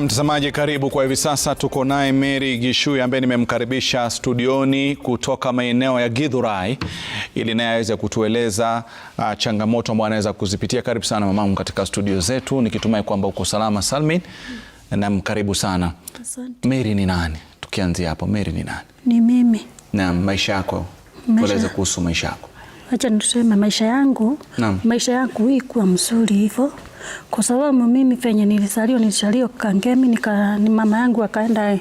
mtazamaji, karibu. Kwa hivi sasa tuko naye Mary Gishui ambaye nimemkaribisha studioni kutoka maeneo ya Githurai ili naye aweze kutueleza uh, changamoto ambayo anaweza kuzipitia. Karibu sana mamangu katika studio zetu, nikitumai kwamba uko salama salmin. Naam, karibu sana. Asante. Mary ni nani? Tukianzia hapo, Mary ni nani? Ni mimi. Naam, maisha yako, tueleze kuhusu maisha yako. Acha nituseme maisha yangu. Naam. Maisha yangu hii kuwa mzuri hivyo kwa sababu mimi fenye nilizaliwa nilizaliwa Kangemi nika, ni mama yangu akaenda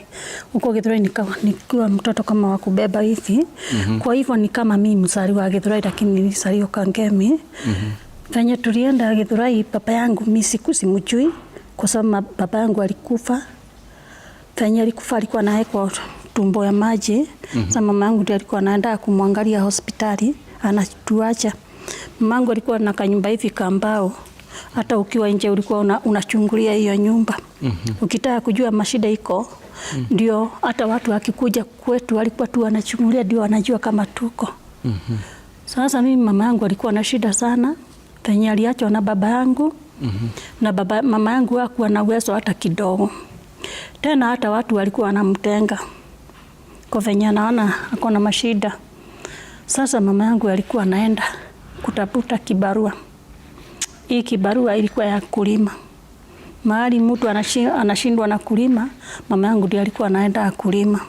huko Githurai nikawa nikiwa mtoto kama wa kubeba hivi mm -hmm. kwa hivyo ni kama mimi mzaliwa wa Githurai lakini nilizaliwa Kangemi mm -hmm. fenye tulienda Githurai papa yangu mimi siku simjui kwa sababu baba yangu alikufa fenye alikufa alikuwa naye kwa tumbo ya maji mm -hmm. Sasa mama yangu ndiye alikuwa anaenda kumwangalia hospitali anatuacha. Mamangu alikuwa na kanyumba hivi kambao hata ukiwa nje ulikuwa una, unachungulia hiyo nyumba mm -hmm. Ukitaka kujua mashida iko mm -hmm. Ndio hata watu wakikuja kwetu walikuwa tu wanachungulia, ndio wanajua kama tuko mm -hmm. Sasa mimi mama yangu alikuwa na shida sana penye aliachwa na baba yangu mm -hmm. Na baba, mama yangu hakuwa na uwezo hata kidogo, tena hata watu walikuwa wanamtenga kwa venye anaona ako na mashida. Sasa mama yangu alikuwa anaenda kutafuta kibarua mm hii kibarua ilikuwa ya kulima. Mahali mtu anashindwa na kulima, mama yangu ndiye alikuwa anaenda kulima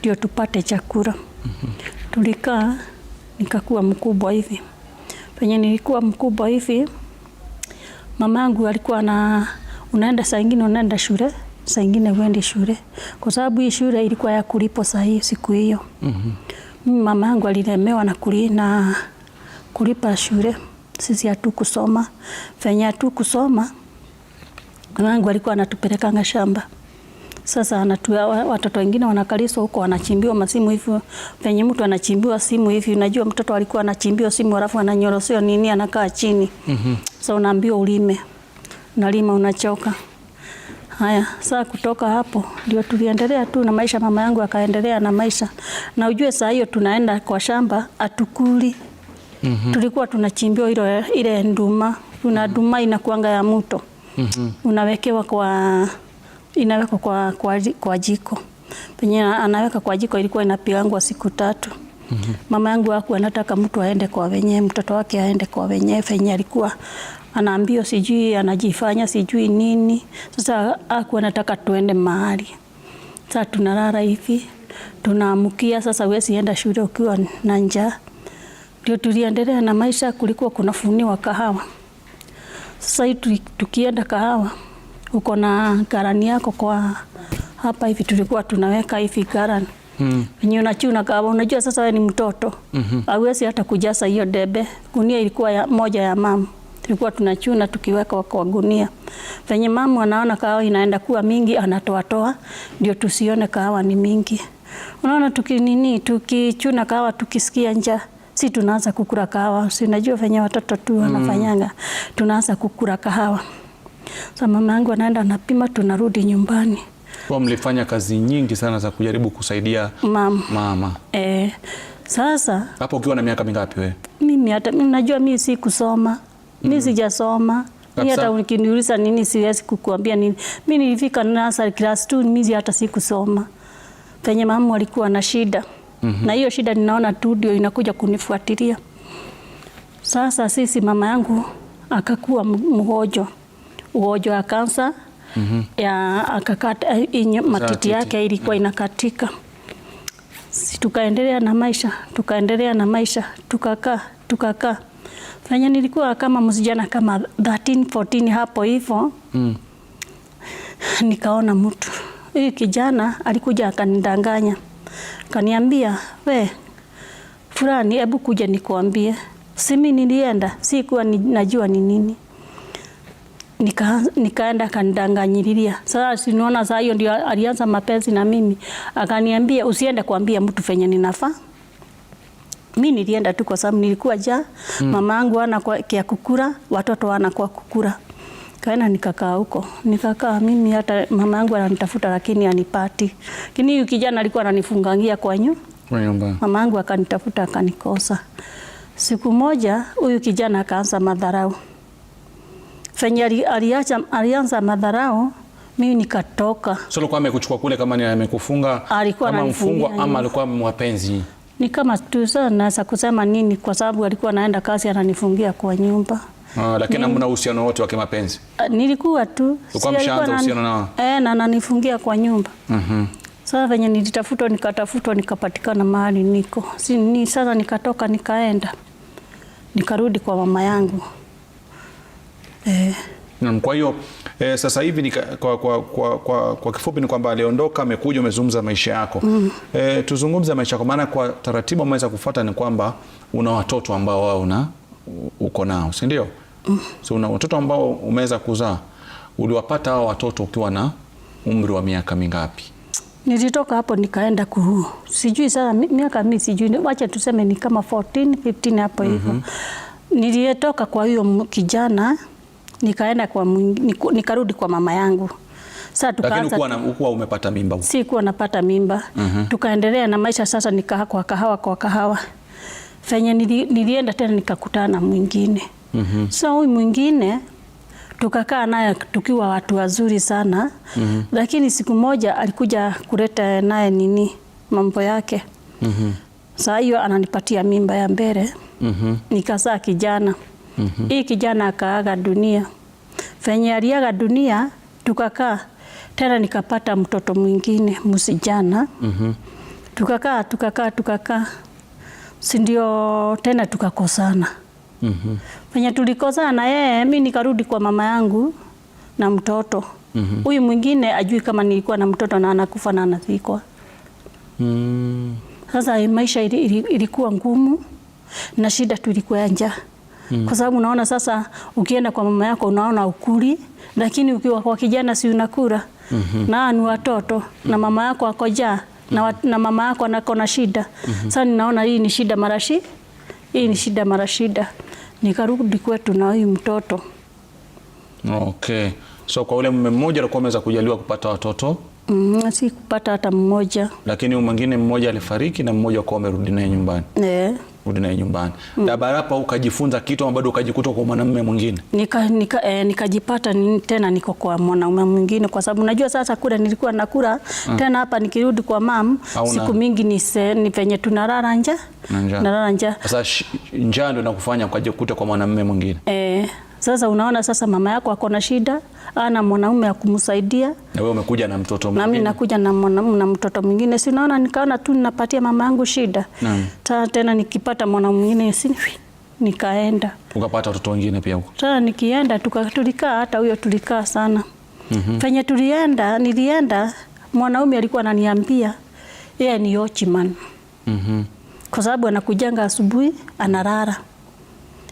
ndio tupate chakula. Mm -hmm. Tulikaa nikakuwa mkubwa hivi. Penye nilikuwa mkubwa hivi, mama yangu alikuwa na unaenda saa ingine unaenda shule, saa ingine uende shule. Kwa sababu hii shule ilikuwa ya kulipo sahi siku hiyo. Mhm. mama yangu alilemewa na kulipa shule sisi hatu kusoma venye hatu kusoma, wangu alikuwa anatupelekanga shamba. Sasa anatua watoto wengine wanakaliswa huko, wanachimbiwa masimu hivyo, venye mtu anachimbiwa simu hivi. Unajua mtoto alikuwa anachimbiwa simu alafu ananyorosea nini, anakaa chini mm -hmm. so unaambiwa ulime, nalima unachoka Haya, saa kutoka hapo ndio tuliendelea tu na maisha. Mama yangu akaendelea na maisha, na ujue saa hiyo tunaenda kwa shamba, atukuli -hmm. tulikuwa tunachimbia ile ile nduma una mhm. nduma inakuanga ya muto mm -hmm. unawekewa kwa inawekwa kwa, kwa, kwa jiko penye anaweka kwa jiko, ilikuwa inapigangwa siku tatu. mm -hmm. Mama yangu aku anataka mtu aende kwa wenyewe, mtoto wake aende kwa wenyewe, fenye alikuwa anaambia, sijui anajifanya sijui nini. Sasa aku anataka tuende mahali, sasa tunalala hivi tunaamkia Sasa wesienda shule ukiwa na njaa ndio tuliendelea na maisha, kulikuwa kunafuniwa kahawa. Sasa hii tukienda kahawa uko na karani yako kwa hapa hivi, tulikuwa tunaweka hivi karani Mm. Wenye unachuna kahawa unajua sasa wewe ni mtoto. Mm -hmm. Awezi hata kujaza hiyo debe. Gunia ilikuwa ya, moja ya mama. Tulikuwa tunachuna tukiweka kwa gunia. Venye mama anaona kahawa inaenda kuwa mingi anatoa toa ndio tusione kahawa ni mingi. Unaona tukinini tukichuna kahawa tukisikia njaa si tunaanza kukura kahawa, si unajua venye watoto tu mm. wanafanyanga mm. Tunaanza kukura kahawa sa so mama yangu anaenda anapima, tunarudi nyumbani. Kwa mlifanya kazi nyingi sana za kujaribu kusaidia mama, mama. E, sasa hapo ukiwa na miaka mingapi wewe? Mimi hata mimi najua mimi si kusoma mm. mimi sijasoma mimi hata ukiniuliza nini siwezi kukuambia nini. Mimi nilifika nasa class 2 mimi hata sikusoma. Penye mama alikuwa na shida. mm. -hmm. na hiyo shida ninaona tu ndio inakuja kunifuatilia sasa. Sisi mama yangu akakuwa mgonjwa ugonjwa wa kansa mm -hmm. ya akakata eh, matiti yake ilikuwa mm. inakatika. Si tukaendelea na maisha tukaendelea na maisha tukakaa tukakaa fanya nilikuwa kama msijana kama 13 14 hapo hivyo mm. Nikaona mtu huyu kijana alikuja akanidanganya Kaniambia, we fulani, hebu kuja nikuambie. Simi nilienda sikuwa najua ni nini Nika, nikaenda kandanganyiriria. Sasa sinaona saa hiyo ndio alianza mapenzi na mimi, akaniambia usiende kuambia mtu fenye ninafaa. Mi nilienda tu kwa sababu nilikuwa ja mm. mama yangu ana kwa kukura, watoto wana kwa kukura Kaenda nikakaa huko, nikakaa mimi, hata mama yangu ananitafuta lakini anipati. Lakini huyu kijana alikuwa ananifungangia kwa nyumba, mama yangu akanitafuta akanikosa. Siku moja huyu kijana akaanza madharau fenye aliacha, alianza madharau mimi nikatoka. Sio alikuwa amekuchukua kule kama ni amekufunga alikuwa kama mfungwa ama alikuwa mwapenzi? Ni kama tu sana, naweza kusema nini, kwa sababu alikuwa anaenda kazi ananifungia kwa nyumba lakini ah, lakini hamna uhusiano wote wa kimapenzi. Ah, nilikuwa tu uhusiano nao. Eh, na nanifungia kwa nyumba. Mhm. Sasa venye nilitafutwa nikatafutwa nikapatikana mahali niko. Si ni sasa nikatoka nikaenda. Nikarudi kwa mama yangu. Eh. Kwa hiyo eh, sasa hivi ni kwa, kwa, kwa, kwa, kwa kifupi ni kwamba aliondoka, amekuja, umezungumza maisha yako mm. Eh, tuzungumze maisha yako, maana kwa taratibu ameweza kufuata ni kwamba una watoto ambao wao una uko nao, si ndio? mm. So una watoto ambao umeweza kuzaa, uliwapata hao watoto ukiwa na umri wa miaka mingapi? Nilitoka hapo nikaenda ku sijui sana miaka mi sijui, wacha tuseme ni kama 14 15 hapo hivyo mm -hmm. Niliyetoka kwa hiyo kijana nikaenda kwa nikarudi kwa mama yangu. Sasa tukaanza lakini ukuwa umepata mimba? huko, Si kuwa napata mimba mm -hmm. Tukaendelea na maisha sasa, nikaa kwa kahawa kwa kahawa fenye nili, nilienda tena nikakutana na mwingine mm mm -hmm. So huyu mwingine tukakaa naye tukiwa watu wazuri sana mm -hmm. Lakini siku moja alikuja kuleta naye nini mambo yake mm -hmm. Saa hiyo ananipatia mimba ya mbele mm -hmm. Nikazaa kijana mm -hmm. Hii kijana akaaga dunia, venye aliaga dunia tukakaa tena nikapata mtoto mwingine msijana mm -hmm. Tukakaa tukakaa tukakaa, sindio Tena tukakosana mm mm-hmm. -hmm. tulikosana na yeye, mimi nikarudi kwa mama yangu na mtoto mm-hmm. huyu mm -hmm. mwingine ajui kama nilikuwa na mtoto na anakufa na anazikwa mm. sasa. maisha ili, ili, ilikuwa ngumu na shida tulikuwa nja mm. kwa sababu unaona sasa, ukienda kwa mama yako unaona ukuli, lakini ukiwa kwa kijana si unakula mm -hmm. na ni watoto mm -hmm. na mama yako akojaa na, na mama yako anako na shida mm -hmm. Sasa ninaona hii ni shida marashi hii ni shida mara shida, nikarudi kwetu na huyu mtoto okay. So kwa ule mume mmoja alikuwa ameweza kujaliwa kupata watoto Mm, si kupata hata mmoja, lakini mwingine mmoja alifariki na mmoja kwa amerudi naye nyumbani yeah. Rudi naye nyumbani mm. Dabarapa ukajifunza kitu ama bado ukajikuta kwa mwanamume mwingine? Nika, nika, eh, nikajipata ni, tena niko kwa mwanamume mwingine kwa sababu najua sasa kura nilikuwa ah. nakula mm. Tena hapa nikirudi kwa mam siku mingi ni, ni penye tunalala nje, nalala nje. Sasa njaa ndio nakufanya ukajikuta kwa mwanamume mwingine eh. Sasa unaona, sasa mama yako ako na shida, ana mwanaume akumsaidia, na wewe umekuja na mtoto mwingine, nami nakuja na mwanaume na mtoto mwingine, si unaona? Nikaona tu ninapatia mama yangu shida ta, tena nikipata mwanamume mwingine si nikaenda, ukapata watoto wengine pia huko tena, nikienda tulikaa, hata huyo tulikaa sana mm -hmm. Penye tulienda, nilienda, mwanaume alikuwa ananiambia yeye ni Ochiman mm -hmm. kwa sababu anakujanga asubuhi, analala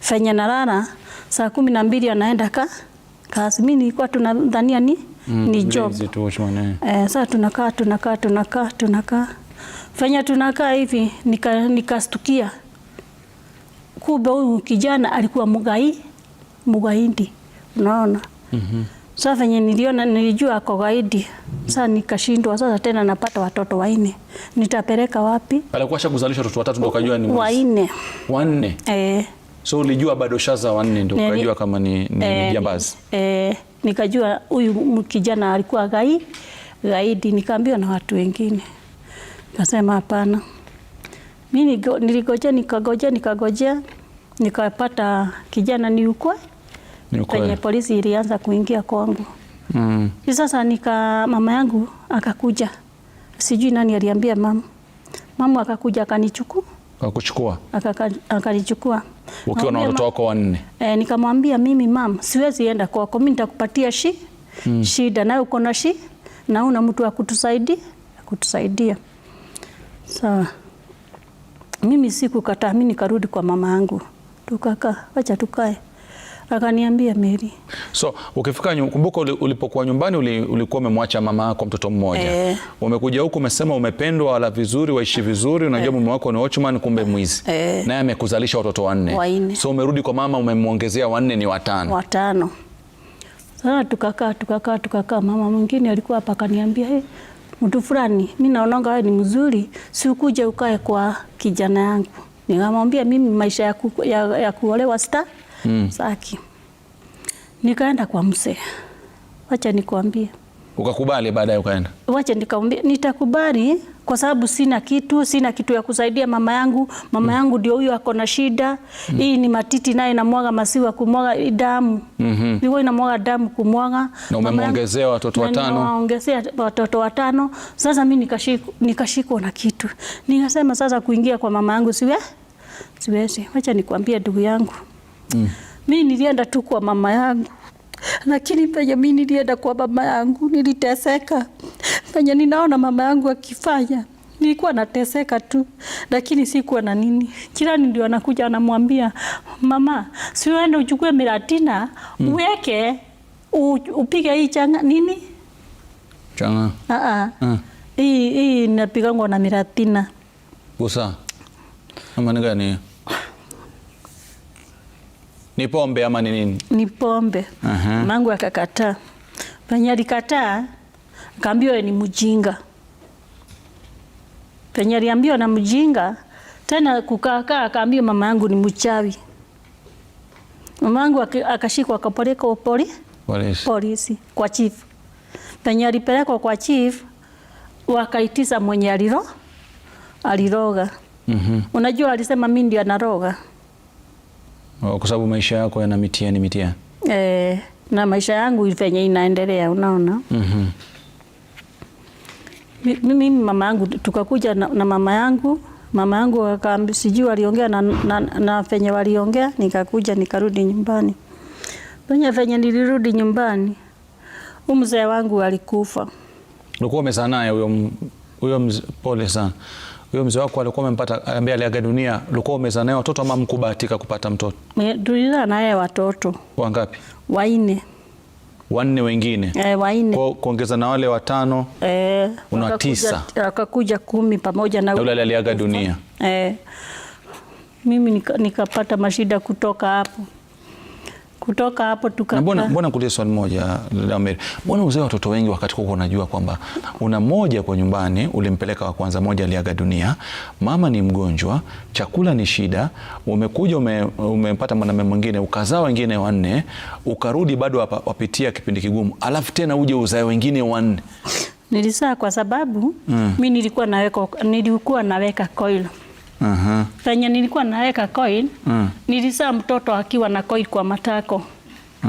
fenye nalala saa kumi na mbili anaenda ka kazi. Mimi nilikuwa tunadhania ni mm, ni job eh. eh, saa tunakaa tunakaa tunakaa tunakaa fanya tunakaa hivi, nikastukia nika kumbe huyu kijana alikuwa mugai mugaindi, unaona mm -hmm. Saa venye niliona nilijua ako gaidi. saa nikashindwa sasa tena napata watoto waine. Nitapeleka wapi? Alikuwa shakuzalisha watoto watatu ndio kajua ni waine. Wanne. Eh. So ulijua bado shaza wanne ndio ukajua kama ni jambazi? e, eh, eh, nikajua huyu kijana alikuwa gai gaidi, nikaambiwa na watu wengine, nikasema hapana. Mi niligoja nikagoja nikagoja nikapata kijana ni ukwe kwenye polisi ilianza kuingia kwangu. Mm. Sasa nika mama yangu akakuja, sijui nani aliambia mama, mama akakuja akanichukua, akakuchukua, akanichukua ukiwa na watoto wako wanne? Eh, nikamwambia mimi mam, siwezi enda kwako, mimi nitakupatia shi hmm. shida nawe uko na shi na una mtu wa kutusaidia kutusaidia. Sawa, mimi sikukataa, mimi nikarudi kwa mama yangu, tukaka wacha tukae akaniambia Mary. So ukifika kumbuka, ulipokuwa nyumbani ulikuwa umemwacha mama yako mtoto mmoja eh. Umekuja huku umesema umependwa, wala vizuri, waishi vizuri, unajua eh. mume wako ni watchman, kumbe mwizi eh. Naye amekuzalisha watoto wanne, so umerudi kwa mama umemwongezea wanne, ni watano, watano. Sasa tukakaa tukakaa tukakaa, mama mwingine alikuwa hapa akaniambia hey, eh, mtu fulani, mimi naonanga wewe ni mzuri, si ukuje ukae kwa kijana yangu. Nikamwambia mimi maisha ya, ku, ya, ya kuolewa sita mm. Saki nikaenda kwa mzee, wacha nikuambie. Ukakubali baadaye ukaenda? Wacha nikaambia nitakubali kwa sababu sina kitu, sina kitu ya kusaidia mama yangu. Mama mm. yangu ndio huyo ako na shida mm. hii ni matiti, naye namwaga masiwa kumwaga damu mm -hmm. namwaga damu kumwaga. Na umemwongezea watoto watano? Nimewaongezea watoto watano. Sasa mimi nikashikwa, nikashikwa na kitu, nikasema sasa kuingia kwa mama yangu siwe siwezi. Wacha nikwambie ndugu yangu mm. Mi nilienda tu kwa mama yangu, lakini penye mi nilienda kwa mama yangu niliteseka. Penye ninaona mama yangu akifanya nilikuwa nateseka tu, lakini sikuwa na nini. Jirani ndio anakuja anamwambia, mama, si uende uchukue miratina mm. uweke upige hii changa nini changa a ah, a ah. ah. hii hii inapigangwa na miratina. Gusa ama ni gani? Ni pombe ama ni nini? Ni pombe. uh -huh. Mangu akakataa. Penye alikataa akaambiwa ni mjinga. Penye aliambiwa na mjinga tena kukaakaa, akaambiwa mama yangu ni mchawi. Mama yangu akashikwa akapeleka upoli polisi. polisi kwa chief. Penye alipelekwa kwa chief wakaitisa mwenye aliro aliroga. mm -hmm. Unajua alisema mimi ndio anaroga kwa sababu maisha yako yana mitihani mitihani. Eh, na maisha yangu venye inaendelea unaona. mm -hmm. Mimi mama yangu tukakuja na, na mama yangu mama yangu akaambi sijui waliongea na, na, na venye waliongea, nikakuja nikarudi nyumbani. Venye venye nilirudi nyumbani, mzee wangu alikufa. Ulikuwa umezaa naye huyo? Huyo pole sana huyo mzee wako alikuwa amempata ambaye aliaga dunia, ulikuwa umeza naye watoto ama mkubahatika kupata mtoto? Tuliza naye watoto wangapi? Waine. Wanne wengine e, eh, waine kuongeza na wale watano e, una tisa, wakakuja kumi pamoja na yule aliaga dunia e, mimi nikapata nika mashida kutoka hapo kutoka hapo tuka. Mbona mbona nikuulize swali moja dada Mary, mbona uzee watoto wengi wakati huko, unajua kwamba una moja kwa nyumbani, ulimpeleka wa kwanza, moja aliaga dunia, mama ni mgonjwa, chakula ni shida, umekuja umempata ume mwanamume mwingine, ukazaa wengine wanne, ukarudi bado wapitia kipindi kigumu, alafu tena uje uzae wengine wanne. Nilisaa kwa sababu mm. mi nilikuwa naweka nilikuwa naweka koilo uh -huh. Venye nilikuwa naweka coin uh -huh. Mm. Nilisaa mtoto akiwa na coin kwa matako uh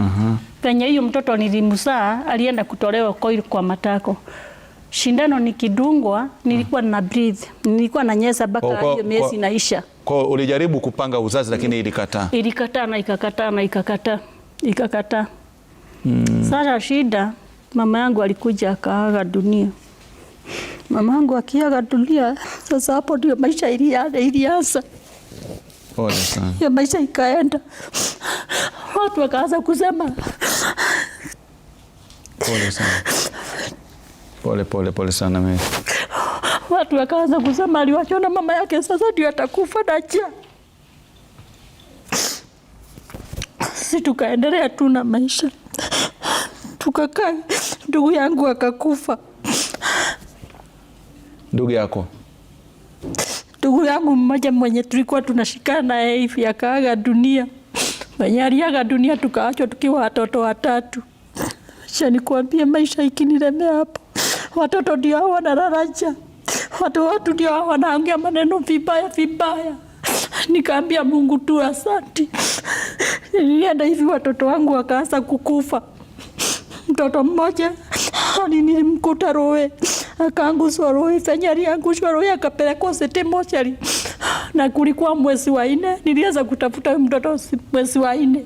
-huh. Venye hiyo mtoto nilimzaa alienda kutolewa coin kwa matako shindano nikidungwa, nilikuwa na breathe, nilikuwa na nyesa mpaka oh, hiyo miezi naisha. Kwa ulijaribu kupanga uzazi lakini ilikataa, ilikataa na ikakataa na ikakataa ikakataa. Hmm. Sasa shida, mama yangu alikuja akaaga dunia mamangu akiaga dunia. Sasa hapo ndio maisha ilianza ya maisha ikaenda, watu wakaanza kusema pole sana. Pole, pole, pole sana mimi. Watu wakaanza kusema aliwachona mama yake, sasa ndio atakufa na njaa. Si tukaendelea tu na maisha, tukakaa, ndugu yangu akakufa ndugu yako? Ndugu yangu mmoja mwenye tulikuwa tunashikana naye hivi akaaga dunia, mwenye aliaga dunia tukaachwa tukiwa watoto watatu. Shanikuambia maisha ikinilemea hapo, watoto ndio hao wanararaja, watu watu ndio hao wanaongea maneno vibaya vibaya. Nikaambia Mungu tu asanti. Nilienda hivi watoto wangu wakaanza kukufa. Mtoto mmoja alinimkuta rowe akaanguswa roho Fenya aliangushwa roho akapelekwa City mochari na kulikuwa mwezi wa ine niliweza kutafuta mtoto mwezi wa ine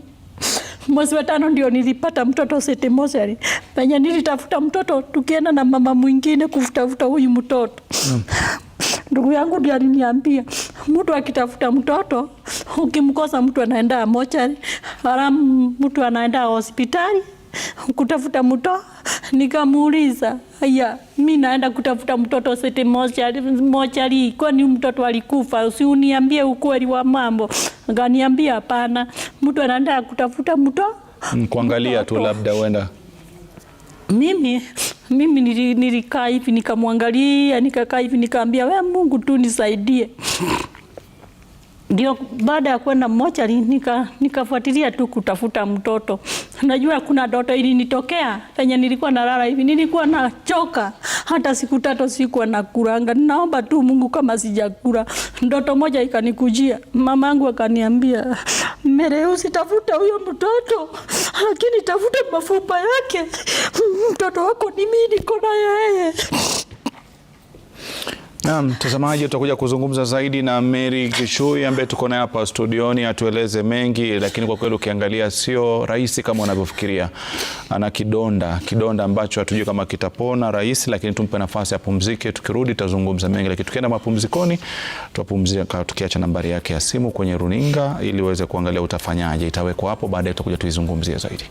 mwezi wa tano ndio nilipata mtoto City mochari Penye nilitafuta mtoto tukienda na mama mwingine kufutafuta huyu mtoto mm. Ndugu yangu ndio aliniambia mtu akitafuta mtoto ukimkosa mtu anaenda mochari, halafu mtu anaenda hospitali kutafuta mto, nikamuuliza haya, mi naenda kutafuta mtoto sete mochari, kwani mtoto alikufa? uniambie ukweli wa mambo. Nganiambia hapana, mtu anaenda kutafuta mto mm, kuangalia tu labda uenda mimi mimi nilikaa hivi nikamwangalia, nikakaa hivi nikaambia, we Mungu tu nisaidie. Ndio baada ya kwenda mochari nika nikafuatilia tu kutafuta mtoto. Najua kuna ndoto ilinitokea penye nilikuwa nalala hivi, nilikuwa nachoka, hata siku tatu sikuwa nakulanga. Naomba tu Mungu kama sijakula. Ndoto moja ikanikujia, mama yangu akaniambia, Mereu, sitafuta huyo mtoto, lakini tafuta mafupa yake. Mtoto wako ni mimi, niko na yeye. Na mtazamaji, utakuja kuzungumza zaidi na Mary Kichui ambaye tuko naye hapa studioni atueleze mengi, lakini kwa kweli ukiangalia sio rahisi kama unavyofikiria. Ana kidonda kidonda ambacho hatujui kama kitapona rahisi, lakini tumpe nafasi apumzike. Tukirudi tutazungumza mengi, lakini tukienda mapumzikoni tutapumzika, tukiacha nambari yake ya simu kwenye runinga ili uweze kuangalia utafanyaje, itawekwa hapo baadaye, tutakuja tuizungumzie zaidi.